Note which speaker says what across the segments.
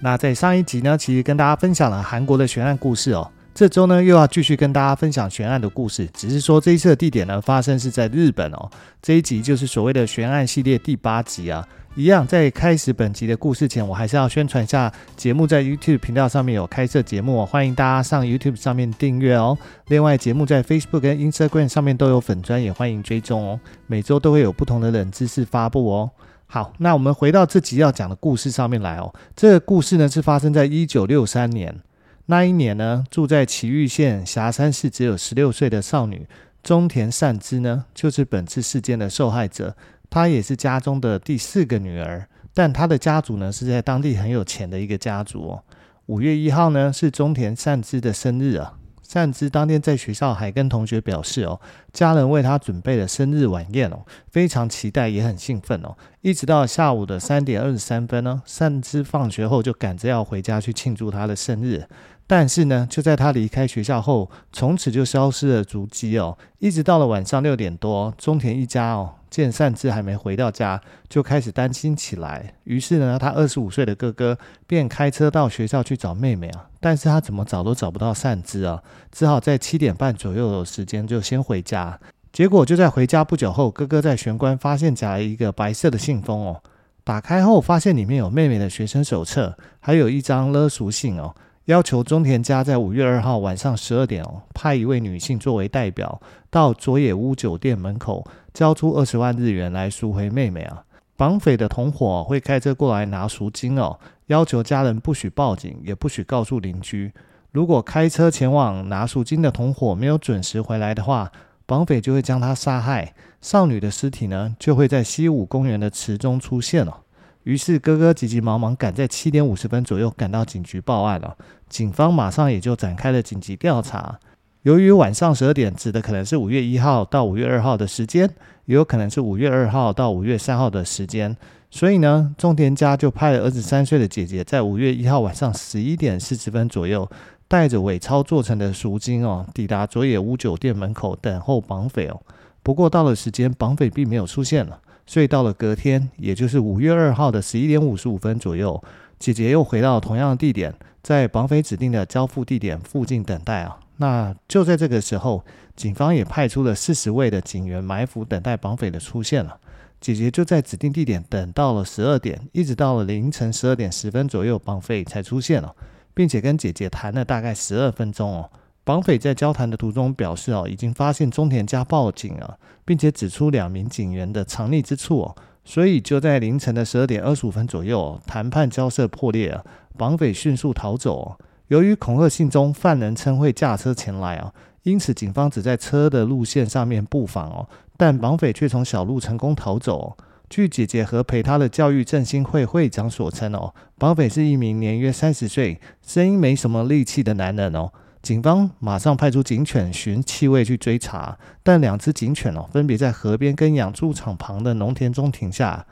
Speaker 1: 那在上一集呢，其實跟大家分享了韓國的懸案故事哦。這週呢又要繼續跟大家分享懸案的故事，只是說這一次的地點呢發生是在日本哦。這一集就是所謂的懸案系列第八集啊，一樣在開始本集的故事前，我還是要宣傳一下節目在 YouTube 頻道上面有開設節目哦，歡迎大家上 YouTube 上面訂閱哦。另外，節目在 Facebook 跟 Instagram 上面都有粉專，也歡迎追蹤哦。每周都會有不同的冷知識發布哦。好，那我們回到自己要講的故事上面來哦。這個故事呢，是發生在一九六三年。那一年呢，住在埼玉縣狹山市只有十六歲的少女中田善之呢，就是本次事件的受害者。她也是家中的第四個女兒，但她的家族呢，是在當地很有錢的一個家族哦。五月一號呢，是中田善之的生日啊。善之當天在學校還跟同學表示：“哦，家人為他準備了生日晚宴，哦，非常期待，也很興奮哦。”一直到下午的三點二十三分呢，善之放學後就趕着要回家去慶祝他的生日。但是呢，就在他離開學校後，從此就消失了足跡哦。一直到了晚上六點多，中田一家哦見善之還沒回到家，就開始擔心起來。於是呢，他二十五歲的哥哥便開車到學校去找妹妹啊。但是他怎麼找都找不到善之啊，只好在七點半左右的時間就先回家。結果就在回家不久後，哥哥在玄關發現夾了一個白色的信封哦。打開後發現裡面有妹妹的學生手冊，還有一張勒索信哦。要求中田家在五月二號晚上十二點哦，派一位女性作為代表到佐野屋酒店門口交出二十萬日元來贖回妹妹啊。綁匪的同夥會開車過來拿贖金哦，要求家人不許報警，也不許告訴鄰居。如果開車前往拿贖金的同夥沒有準時回來的話，綁匪就會將他殺害。少女的屍體呢，就會在西武公園的池中出現哦。於是哥哥急急忙忙趕在七點五十分左右趕到警局報案了、啊，警方馬上也就展開了緊急調查。由於晚上十二點指的可能是五月一號到五月二號的時間，也有可能是五月二號到五月三號的時間，所以呢，中田家就派了二十三歲的姐姐在五月一號晚上十一點四十分左右，帶着偽鈔做成的贖金哦，抵達佐野屋酒店門口等候綁匪哦。不過到了時間，綁匪並沒有出現了。所以到了隔天，也就是五月二號的十一點五十五分左右，姐姐又回到同樣的地點，在綁匪指定的交付地點附近等待啊。那就在這個時候，警方也派出了四十位的警員埋伏，等待綁匪的出現了。姐姐就在指定地點等到了十二點，一直到了凌晨十二點十分左右，綁匪才出現了，並且跟姐姐談了大概十二分鐘哦。綁匪在交談的途中表示：“哦，已經發現中田家報警了、啊、並且指出兩名警員的藏匿之處、哦。”所以就在凌晨的十二點二十五分左右、哦，談判交涉破裂、啊，綁匪迅速逃走、哦。由於恐嚇信中犯人稱會駕車前來哦、啊、因此警方只在車的路線上面布防哦。但綁匪卻從小路成功逃走、哦。據姐姐和陪她的教育振興會會長所稱哦，綁匪是一名年約三十歲、聲音沒什麼力氣的男人哦。警方馬上派出警犬尋氣味去追查，但兩隻警犬哦，分別在河邊跟養豬場旁的農田中停下，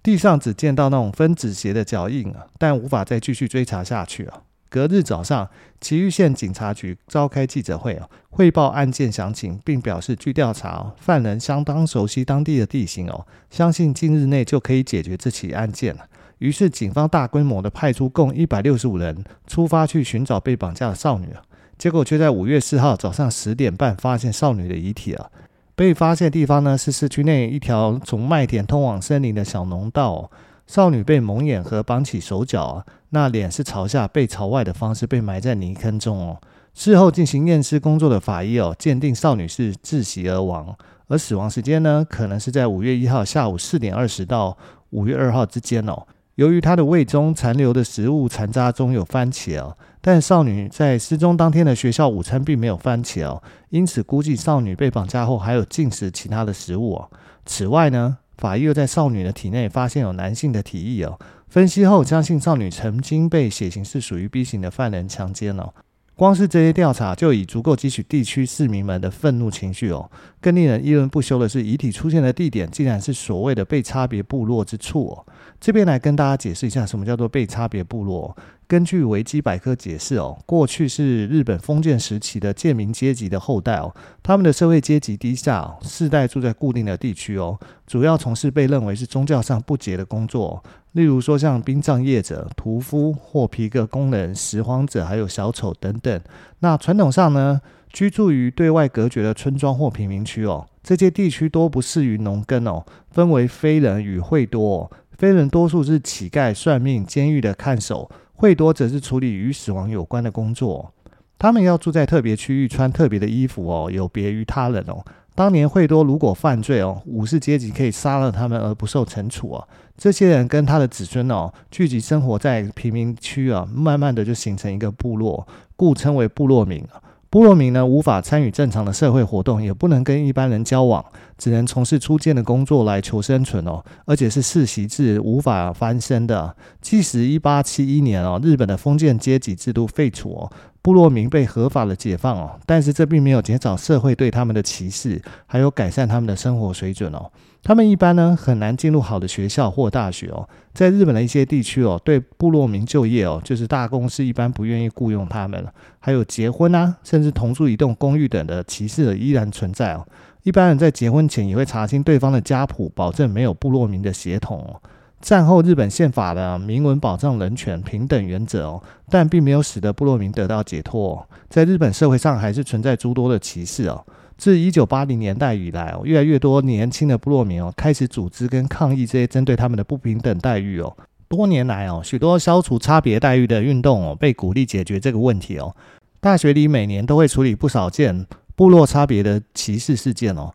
Speaker 1: 地上只見到那種分趾鞋的腳印啊，但無法再繼續追查下去啊。隔日早上，埼玉縣警察局召開記者會哦，匯報案件詳情，並表示據調查，犯人相當熟悉當地的地形哦，相信近日內就可以解決這起案件了。於是警方大規模的派出共一百六十五人出發去尋找被綁架的少女啊。結果卻在五月四號早上十點半發現少女的遺體啊，被發現的地方呢是市區內一條從麥田通往森林的小農道。少女被蒙眼和綁起手腳，那臉是朝下、背朝外的方式被埋在泥坑中哦，事後進行驗屍工作的法醫哦，鑒定少女是窒息而亡，而死亡時間呢可能是在五月一號下午四點二十到五月二號之間哦。由於她的胃中殘留的食物殘渣中有番茄哦，但少女在失蹤當天的學校午餐並沒有番茄哦，因此估計少女被綁架後還有進食其他的食物哦。此外呢，法醫又在少女的體內發現有男性的體液哦，分析後相信少女曾經被血型是屬於 B 型的犯人強姦了哦。.光是這些調查就已足夠激起地區市民們的憤怒情緒哦。更令人議論不休的是，遺體出現的地點竟然是所謂的被差別部落之處哦。這邊來跟大家解釋一下，什麼叫做被差別部落。根據維基百科解釋哦，過去是日本封建時期的賤民階級的後代哦，他們的社會階級低下，世代住在固定的地區哦，主要從事被認為是宗教上不潔的工作。例如說，像殯葬業者、屠夫或皮革工人、拾荒者，還有小丑等等。那傳統上呢，居住於對外隔絕的村莊或貧民區哦，這些地區多不適於農耕哦。分為非人與穢多哦，非人多數是乞丐、算命、監獄的看守，穢多則是處理與死亡有關的工作。他們要住在特別區域，穿特別的衣服哦，有別於他人哦。當年惠多如果犯罪哦，武士階級可以殺了他們而不受懲處哦、啊。這些人跟他的子孫哦，聚集生活在貧民區啊，慢慢的就形成一個部落，故稱為部落民。部落民呢，無法參與正常的社會活動，也不能跟一般人交往，只能從事粗賤的工作來求生存哦。而且是世襲制，無法翻身的。即使一八七一年哦，日本的封建階級制度廢除哦，部落民被合法的解放哦，但是這並沒有減少社會對他們的歧視，還有改善他們的生活水準哦。他們一般呢，很難進入好的學校或大學哦。在日本的一些地區哦，對部落民就業哦，就是大公司一般不願意僱傭他們。還有結婚啊，甚至同住一棟公寓等的歧視依然存在哦。一般人在結婚前也會查清對方的家譜，保證沒有部落民的血統哦。戰後日本憲法的明文保障人權平等原則哦，但並沒有使得部落民得到解脫哦。在日本社會上還是存在諸多的歧視哦。自1980年代以來，哦，越來越多年輕的部落民，哦，開始組織跟抗議這些針對他們的不平等待遇，哦，多年來，哦，許多消除差別待遇的運動，哦，被鼓勵解決這個問題，哦，大學裡每年都會處理不少件部落差別的歧視事件，哦。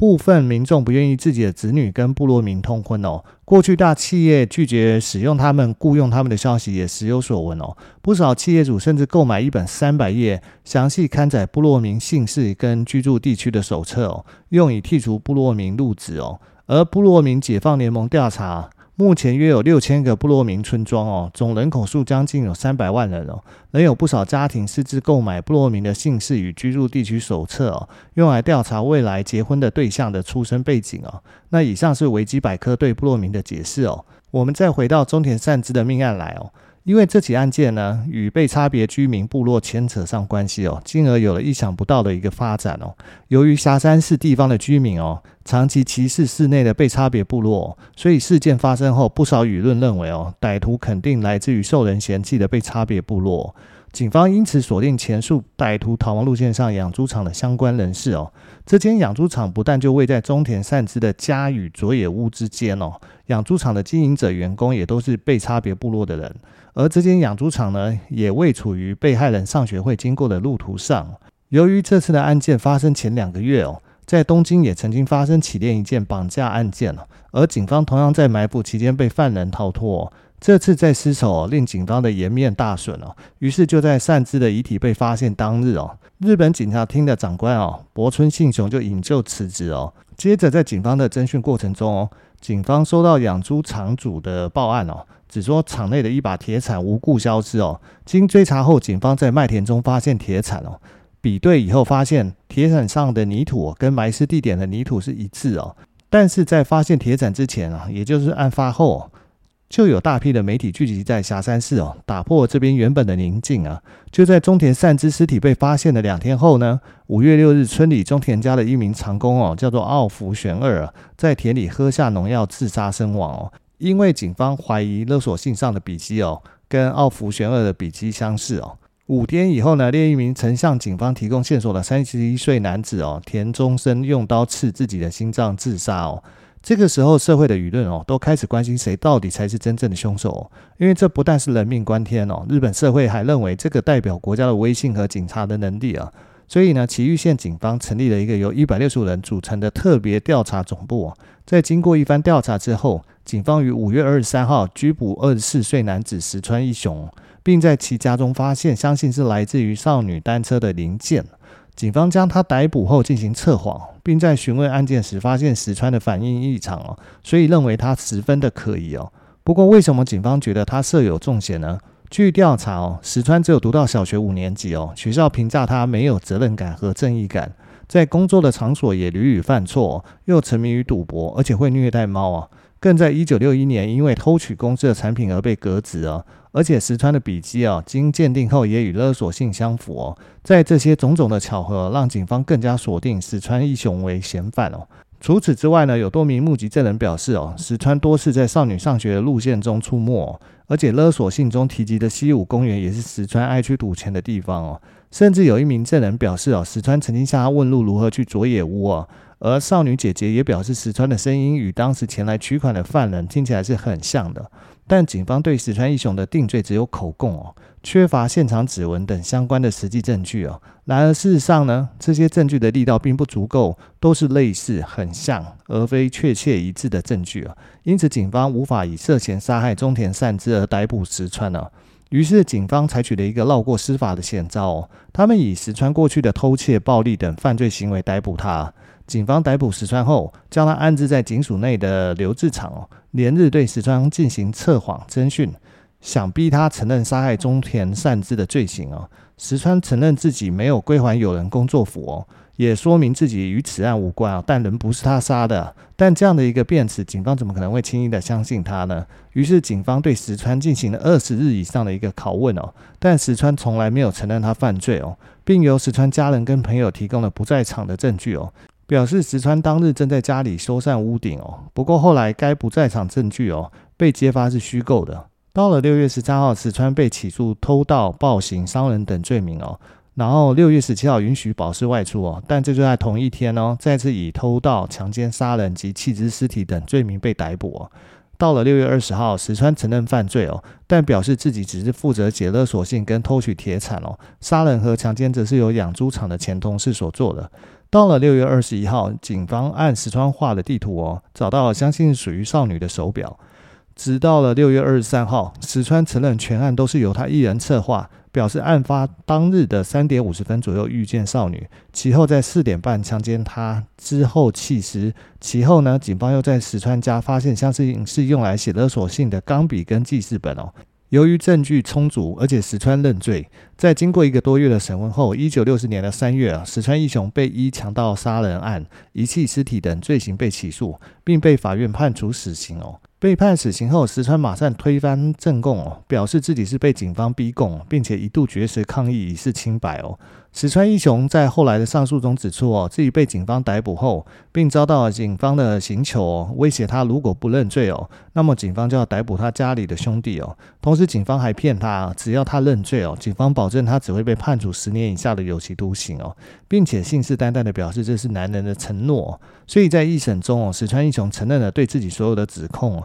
Speaker 1: 部分民眾不願意自己的子女跟部落民通婚哦。過去大企業拒絕使用他們、僱傭他們的消息也時有所聞哦。不少企業主甚至購買一本三百頁詳細刊載部落民姓氏跟居住地區的手冊哦，用以剔除部落民入職哦。而部落民解放聯盟調查。目前約有六千個部落民村莊哦，總人口數將近有三百萬人哦，仍有不少家庭私自購買部落民的姓氏與居住地區手冊哦，用來調查未來結婚的對象的出生背景哦。那以上是維基百科對部落民的解釋哦。我們再回到中田善之的命案來哦。因為這起案件呢，與被差別居民部落牽扯上關係哦，進而有了意想不到的一個發展哦。由於狹山市地方的居民哦，長期歧視市內的被差別部落，所以事件發生後，不少輿論認為哦，歹徒肯定來自於受人嫌棄的被差別部落。警方因此鎖定前述歹徒逃亡路線上養豬場的相關人士哦。這間養豬場不但就位在中田善之的家與佐野屋之間哦，養豬場的經營者、員工也都是被差別部落的人。而這間養豬場呢，也位處於被害人上學會經過的路途上。由於這次的案件發生前兩個月哦，在東京也曾經發生起戀一件綁架案件哦。而警方同樣在埋伏期間被犯人逃脫、哦，這次再失手、哦，令警方的顏面大損哦。於是就在善枝的遺體被發現當日哦，日本警察廳的長官哦，柏村信雄就引咎辭職哦。接着在警方的偵訊過程中哦。警方收到養豬場主的報案哦，只說場內的一把鐵鏟無故消失哦。經追查後，警方在麥田中發現鐵鏟哦，比對以後發現鐵鏟上的泥土，哦，跟埋屍地點的泥土是一致哦。但是在發現鐵鏟之前啊，也就是案發後，哦。就有大批的媒體聚集在狹山市，哦，打破這邊原本的寧靜啊。就在中田善枝屍體被發現的兩天後呢，五月六日，村裡中田家的一名長工哦，叫做奧福玄二，在田裡喝下農藥自殺身亡哦。因為警方懷疑勒索信上的筆跡哦，跟奧福玄二的筆跡相似哦。五天以後呢，另一名曾向警方提供線索的三十一歲男子哦，田中生用刀刺自己的心臟自殺哦。這個時候，社會的輿論哦，都開始關心誰到底才是真正的兇手，哦，因為這不但是人命關天哦，日本社會還認為這個代表國家的威信和警察的能力啊。所以呢，埼玉縣警方成立了一個由一百六十五人組成的特別調查總部。在經過一番調查之後，警方於五月二十三號拘捕，二十四歲男子石川一雄，並在其家中發現相信是來自於少女單車的零件。警方將他逮捕後進行測謊。並在詢問案件時，發現石川的反應異常哦，所以認為他十分的可疑哦。不過，為什麼警方覺得他涉有重嫌呢？據調查哦，石川只有讀到小學五年級哦，學校評價他沒有責任感和正義感，在工作的場所也屢屢犯錯、哦，又沉迷於賭博，而且會虐待貓啊、哦。更在1961年，因為偷取公司的產品而被革職哦、啊。而且石川的筆跡啊，經鑑定後也與勒索信相符哦。在這些種種的巧合，讓警方更加鎖定石川一雄為嫌犯哦。除此之外呢，有多名目擊證人表示哦，石川多次在少女上學的路線中出沒、哦，而且勒索信中提及的西武公園也是石川愛去賭錢的地方哦。甚至有一名證人表示哦，石川曾經向他問路如何去佐野屋、啊而少女姐姐也表示，石川的聲音與當時前來取款的犯人聽起來是很像的。但警方對石川一雄的定罪只有口供哦，缺乏現場指紋等相關的實際證據哦。然而事實上呢，這些證據的力道並不足夠，都是類似很像而非確切一致的證據、啊、因此警方無法以涉嫌殺害中田善之而逮捕石川呢、啊。於是警方採取了一個繞過司法的險招，他們以石川過去的偷竊、暴力等犯罪行為逮捕他、啊。警方逮捕石川後，將他安置在警署內的留置場，連日對石川進行測謊偵訊，想逼他承認殺害中田善之的罪行哦。石川承認自己沒有歸還友人工作服哦，也說明自己與此案無關啊，但人不是他殺的。但這樣的一個辯詞，警方怎麼可能會輕易的相信他呢？於是警方對石川進行了二十日以上的一個拷問哦，但石川從來沒有承認他犯罪哦，並由石川家人跟朋友提供了不在場的證據哦。表示石川當日正在家裡修繕屋頂哦，不過後來該不在場證據哦被揭发是虛構的。到了六月十三號，石川被起訴偷盜、暴行、傷人等罪名哦。然後六月十七號允許保釋外出哦，但這就在同一天哦，再次以偷盜、強奸、殺人及棄置屍體等罪名被逮捕哦。到了六月二十號，石川承認犯罪哦，但表示自己只是負責解勒索信跟偷取鐵鏟哦，殺人和強奸則是由養豬場的前同事所做的。到了六月二十一號，警方按石川畫的地圖哦，找到相信屬於少女的手錶。直到了六月二十三號，石川承認全案都是由他一人策劃，表示案發當日的三點五十分左右遇見少女，其後在四點半強姦她之後棄屍。其後呢，警方又在石川家發現相信是用來寫勒索信的鋼筆跟記事本哦。由於證據充足，而且石川認罪，在經過一個多月的審問後，一九六四年的三月，啊，石川一雄被依強盜殺人案、遺棄屍體等罪行被起訴，並被法院判處死刑哦。被判死刑後，石川馬上推翻證供哦，表示自己是被警方逼供，並且一度絕食抗議以示清白哦。石川一雄在後來的上訴中指出哦，自己被警方逮捕後，並遭到了警方的刑求，威脅他如果不認罪哦，那麼警方就要逮捕他家裡的兄弟哦。同時，警方還騙他，只要他認罪哦，警方保證他只會被判處十年以下的有期徒刑哦，並且信誓旦旦地表示這是男人的承諾。所以在一審中哦，石川一雄承認了對自己所有的指控。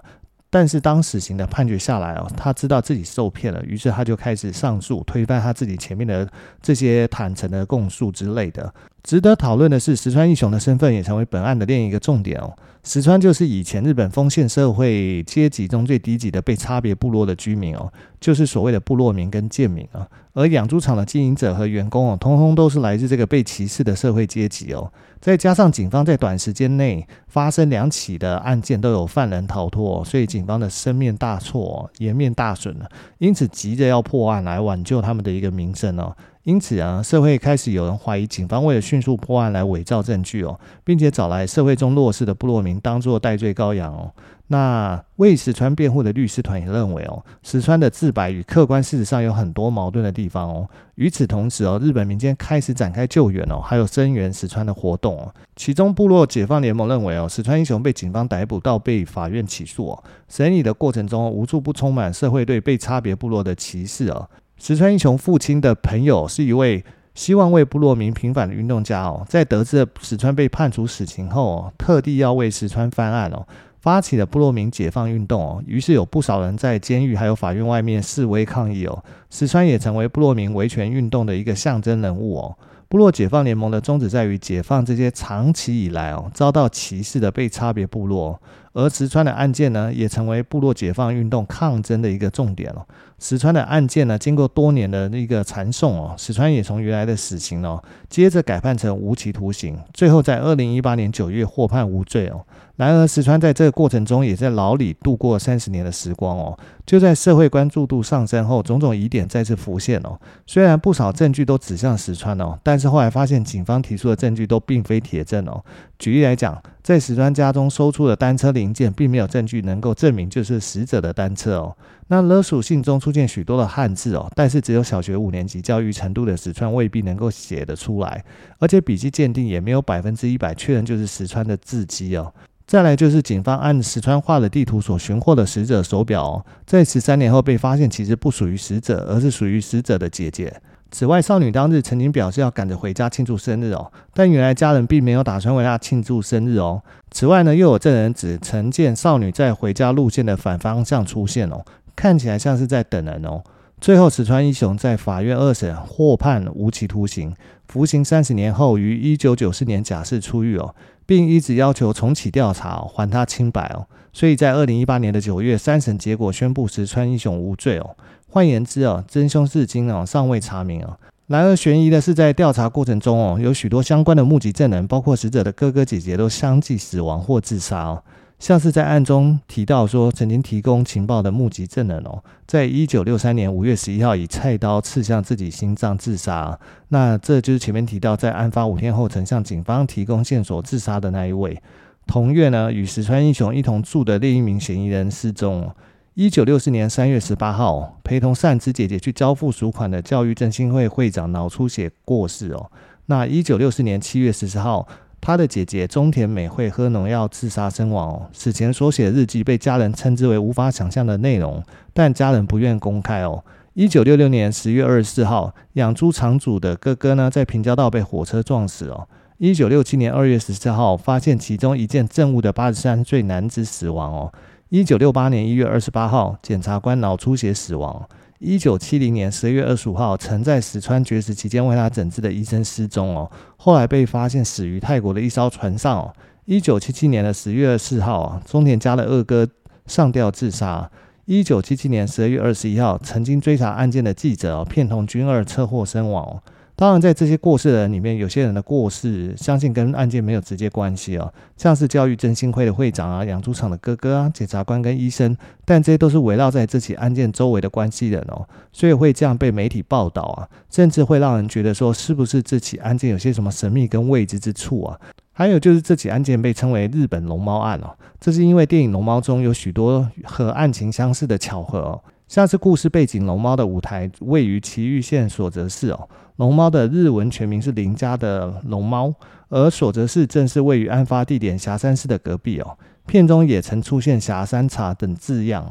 Speaker 1: 但是當死刑的判決下來哦，他知道自己受騙了，於是他就開始上訴，推翻他自己前面的這些坦誠的供述之類的。值得討論的是，石川一雄的身份也成為本案的另一個重點哦。石川就是以前日本封建社會階級中最低級的被差別部落的居民哦，就是所謂的部落民跟賤民啊。而養豬場的經營者和員工哦，通通都是來自這個被歧視的社會階級哦。再加上警方在短時間內發生兩起的案件，都有犯人逃脫哦，所以警方的聲面大挫哦，顏面大損了，因此急着要破案來挽救他們的一個名聲哦。因此啊，社會開始有人懷疑，警方為了迅速破案來偽造證據哦，並且找來社會中弱勢的部落民當做代罪羔羊哦。那為石川辯護的律師團也認為哦，石川的自白與客觀事實上有很多矛盾的地方哦。與此同時哦，日本民間開始展開救援哦，還有聲援石川的活動哦。其中部落解放聯盟認為哦，石川英雄被警方逮捕到被法院起訴、哦、審理的過程中，無處不充滿社會對被差別部落的歧視哦。石川英雄父親的朋友是一位希望為部落民平反的運動家哦，在得知了石川被判處死刑後，特地要為石川翻案哦，發起了部落民解放運動哦。於是有不少人在監獄還有法院外面示威抗議哦。石川也成為部落民維權運動的一個象徵人物哦。部落解放聯盟的宗旨在於解放這些長期以來哦遭到歧視的被差別部落，而石川的案件呢，也成為部落解放運動抗爭的一個重點石川的案件呢，經過多年的那個纏訟哦，石川也從原來的死刑哦，接着改判成無期徒刑，最後在二零一八年九月獲判無罪哦。然而石川在這個過程中也在牢裡度過三十年的時光哦。就在社會關注度上升後，種種疑點再次浮現哦。雖然不少證據都指向石川哦，但是後來發現警方提出的證據都並非鐵證哦。舉例來講，在石川家中搜出的單車零件，並沒有證據能夠證明就是死者的單車哦。那勒索信中出現許多的漢字哦，但是只有小學五年級教育程度的石川未必能夠寫得出來，而且筆跡鑑定也沒有百分之一百確認就是石川的字跡哦。再來就是警方按石川畫的地圖所尋獲的死者手錶哦，在十三年後被發現其實不屬於死者，而是屬於死者的姐姐。此外，少女當日曾經表示要趕着回家慶祝生日哦，但原來家人並沒有打算為她慶祝生日哦。此外呢，又有證人指曾見少女在回家路線的反方向出現哦。看起來像是在等人哦。最後，石川一雄在法院二審獲判無期徒刑，服刑三十年後於一九九四年假釋出獄哦，並一直要求重啟調查，哦，還他清白哦。所以在二零一八年的九月，三審結果宣布石川一雄無罪哦。換言之哦，真兇至今哦尚未查明啊，哦。然而，懸疑的是，在調查過程中哦，有許多相關的目擊證人，包括死者的哥哥姐姐，都相繼死亡或自殺哦。像是在案中提到說，曾經提供情報的目擊證人哦，在一九六三年五月十一號以菜刀刺向自己心臟自殺、啊。那這就是前面提到在案發五天後曾向警方提供線索自殺的那一位。同月呢，與石川英雄一同住的另一名嫌疑人失蹤。一九六四年三月十八號，陪同善之姐姐去交付贖款的教育振興會會長腦出血過世哦。那一九六四年七月十四號。他的姐姐中田美惠喝農藥自殺身亡哦，死前所寫日記被家人稱之為無法想象的內容，但家人不願公開哦。一九六六年十月二十四號，養豬場主的哥哥呢，在平交道被火車撞死哦。一九六七年二月十四號，發現其中一件證物的八十三歲男子死亡哦。一九六八年一月二十八號，檢察官腦出血死亡。一九七零年十二月二十五號，曾在石川絕食期間為他診治的醫生失蹤哦，後來被發現死於泰國的一艘船上。一九七七年的十月二十四號，中田家的二哥上吊自殺。一九七七年十二月二十一號，曾經追查案件的記者哦片桐君二車禍身亡。當然，在這些過世的人裡面，有些人的過世相信跟案件沒有直接關係哦，像是教育振興會的會長啊、養豬場的哥哥啊、檢察官跟醫生，但這些都是圍繞在這起案件周圍的關係人哦，所以會這樣被媒體報道啊，甚至會讓人覺得說，是不是這起案件有些什麼神秘跟未知之處啊？還有就是這起案件被稱為“日本龍貓案”哦，這是因為電影《龍貓》中有許多和案情相似的巧合哦。下次故事背景，龍貓的舞台位於埼玉縣所澤市哦。龍貓的日文全名是鄰家的龍貓，而所澤市正是位於案發地點狹山市的隔壁哦。片中也曾出現狹山茶等字樣，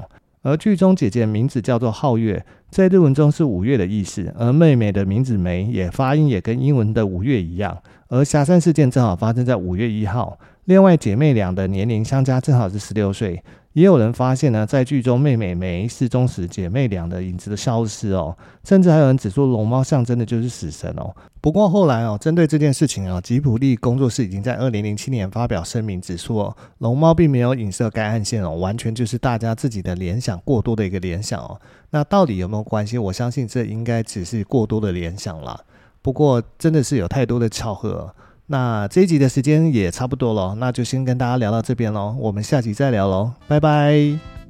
Speaker 1: 而劇中姐姐的名字叫做皓月，在日文中是五月的意思，而妹妹的名字梅也發音也跟英文的五月一樣，而狹山事件正好發生在五月一號。另外，姐妹倆的年齡相加正好是十六歲。也有人發現呢，在劇中妹妹梅失蹤時，姐妹倆的影子都消失哦。甚至還有人指出，龍貓象徵的就是死神哦。不過後來哦，針對這件事情哦，吉卜力工作室已經在二零零七年發表聲明，指出哦，龍貓並沒有影射該案線哦，完全就是大家自己的聯想過多的一個聯想哦。那到底有沒有關係？我相信這應該只是過多的聯想啦。不過真的是有太多的巧合哦。那這一集的時間也差不多了，那就先跟大家聊到這邊嘍，我們下集再聊嘍，拜拜。